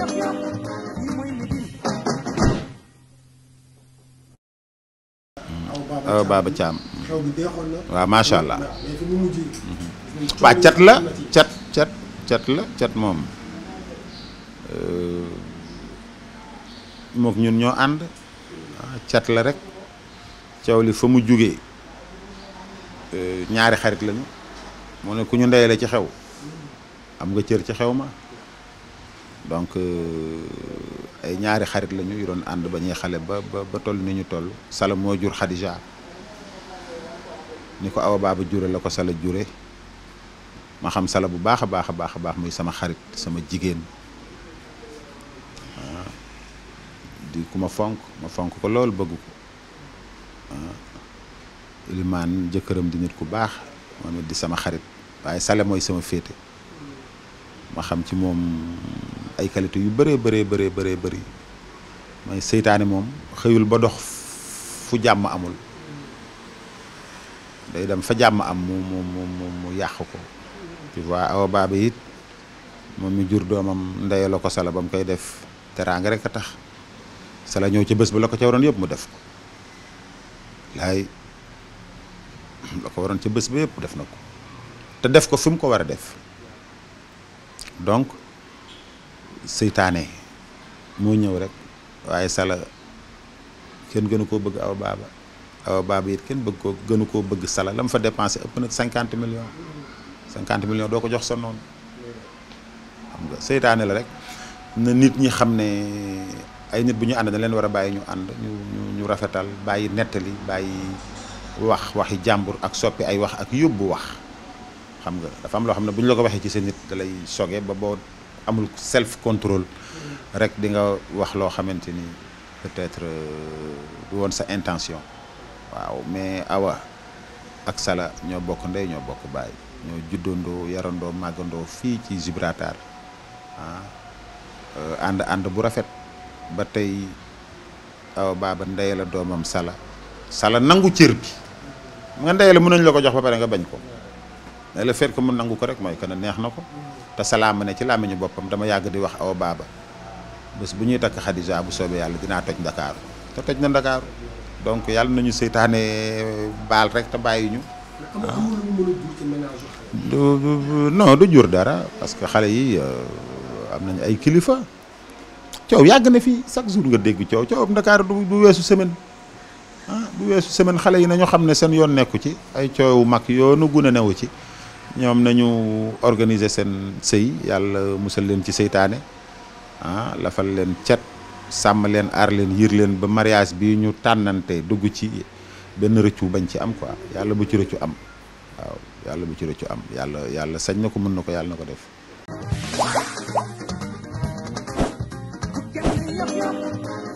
awa baaba caam waaw macha allah mhm. waa cat la cat cat la cat moom euh, mook ñun ñoo ànd ah, cat la rek caw li fa mu jugee euh, ñaari xarit lañu moo ku ñu ndeyale ci xew am nga cër ci xew ma donc euh, ay ñaari xarit lañu yu doon ànd ba ñuy xale ba ba toll ni ñu toll sala moo jur Xadija ni ko awa baaba jure la ko sala jure ma xam sala bu baax a baax a baax a baax muy sama xarit sama jigéen ah. di ku ma fonk ma fonk ko loolu bëgg ko ah. limaan jëkkëram di nit ku baax moom di sama xarit waaye sale mooy sama féete ma xam ci moom ay qualité yu bëree bëree bëree bëree bëri mooy seytaane moom xëyul ba dox fu jàmm amul day dem fa jàmm am mu mu mu mu yàq ko tu vois awa baaba it moom mi jur doomam ndeye la ko sala ba mu koy def teraanga rek a tax sala ñëw ci bës ba la ko ca waroon yëpp mu def ko laay la ko waroon ca bës ba yëpp def na ko te def ko fi mu ko war a def seytaane moo ñëw rek waaye sala kenn gënu koo bëgg aw baaba awa baaba it kenn bëgg koo gënu koo bëgg sala la mu fa dépensé ëpp nag cinquante million cinquante millions doo ko jox sa noonu seytaane la rek na nit ñi xam ne ay nit bu ñu ànd na leen war a bàyyi ñu ànd ñu ñu rafetal bàyyi nettali bàyyi wax waxi jàmbur ak soppi ay wax ak yóbbu wax xam nga dafa am loo xam ne bu ñu la ko waxee ci sa nit da lay soge ba boo amul self contrôle rek di nga wax loo xamante ni peut-être euh, woon sa intention waaw mais awa ak sala ñoo bokk ndey ñoo bokk baay ñoo juddandoo yarandoo màggandoo fii ci Gibraltar ah euh, ànd ànd bu rafet ba tey awa baaba ndey la doomam sala sala nangu cër bi nga ndey la mën nañ la ko jox ba pare nga bañ ko mais le fait que mu nangu ko rek mooy que ne neex na ko te salaama ne ci làmmiñu boppam dama yàgg di wax awa baaba bés bu ñuy takk xadija bu soobee yàlla dinaa toj ndakaaru te toj na ndakaaru donc yàlla nañu seytaane baal rek te bàyyi ñu ah. du jur dara parce que xale yi euh, am nañu ay kilifa coow yàgg na fi chaque jour nga dégg coow coow am Dakar du weesu semaine a ah, du weesu semaine xale yi nañu xam ne seen yoon nekku ci ay coowu mag yoonu gune newu ci ñoom nañu organiser seen sëy yàlla musal leen ci seytaane ah lafal leen cet sàmm leen aar leen yiir leen ba mariage bi ñu tànnante dugg ci benn rëccu bañ ci am quoi yàlla bu ci rëccu am yàlla bu ci rëccu am yàlla yàlla sañ na ko mën na ko yàlla na ko def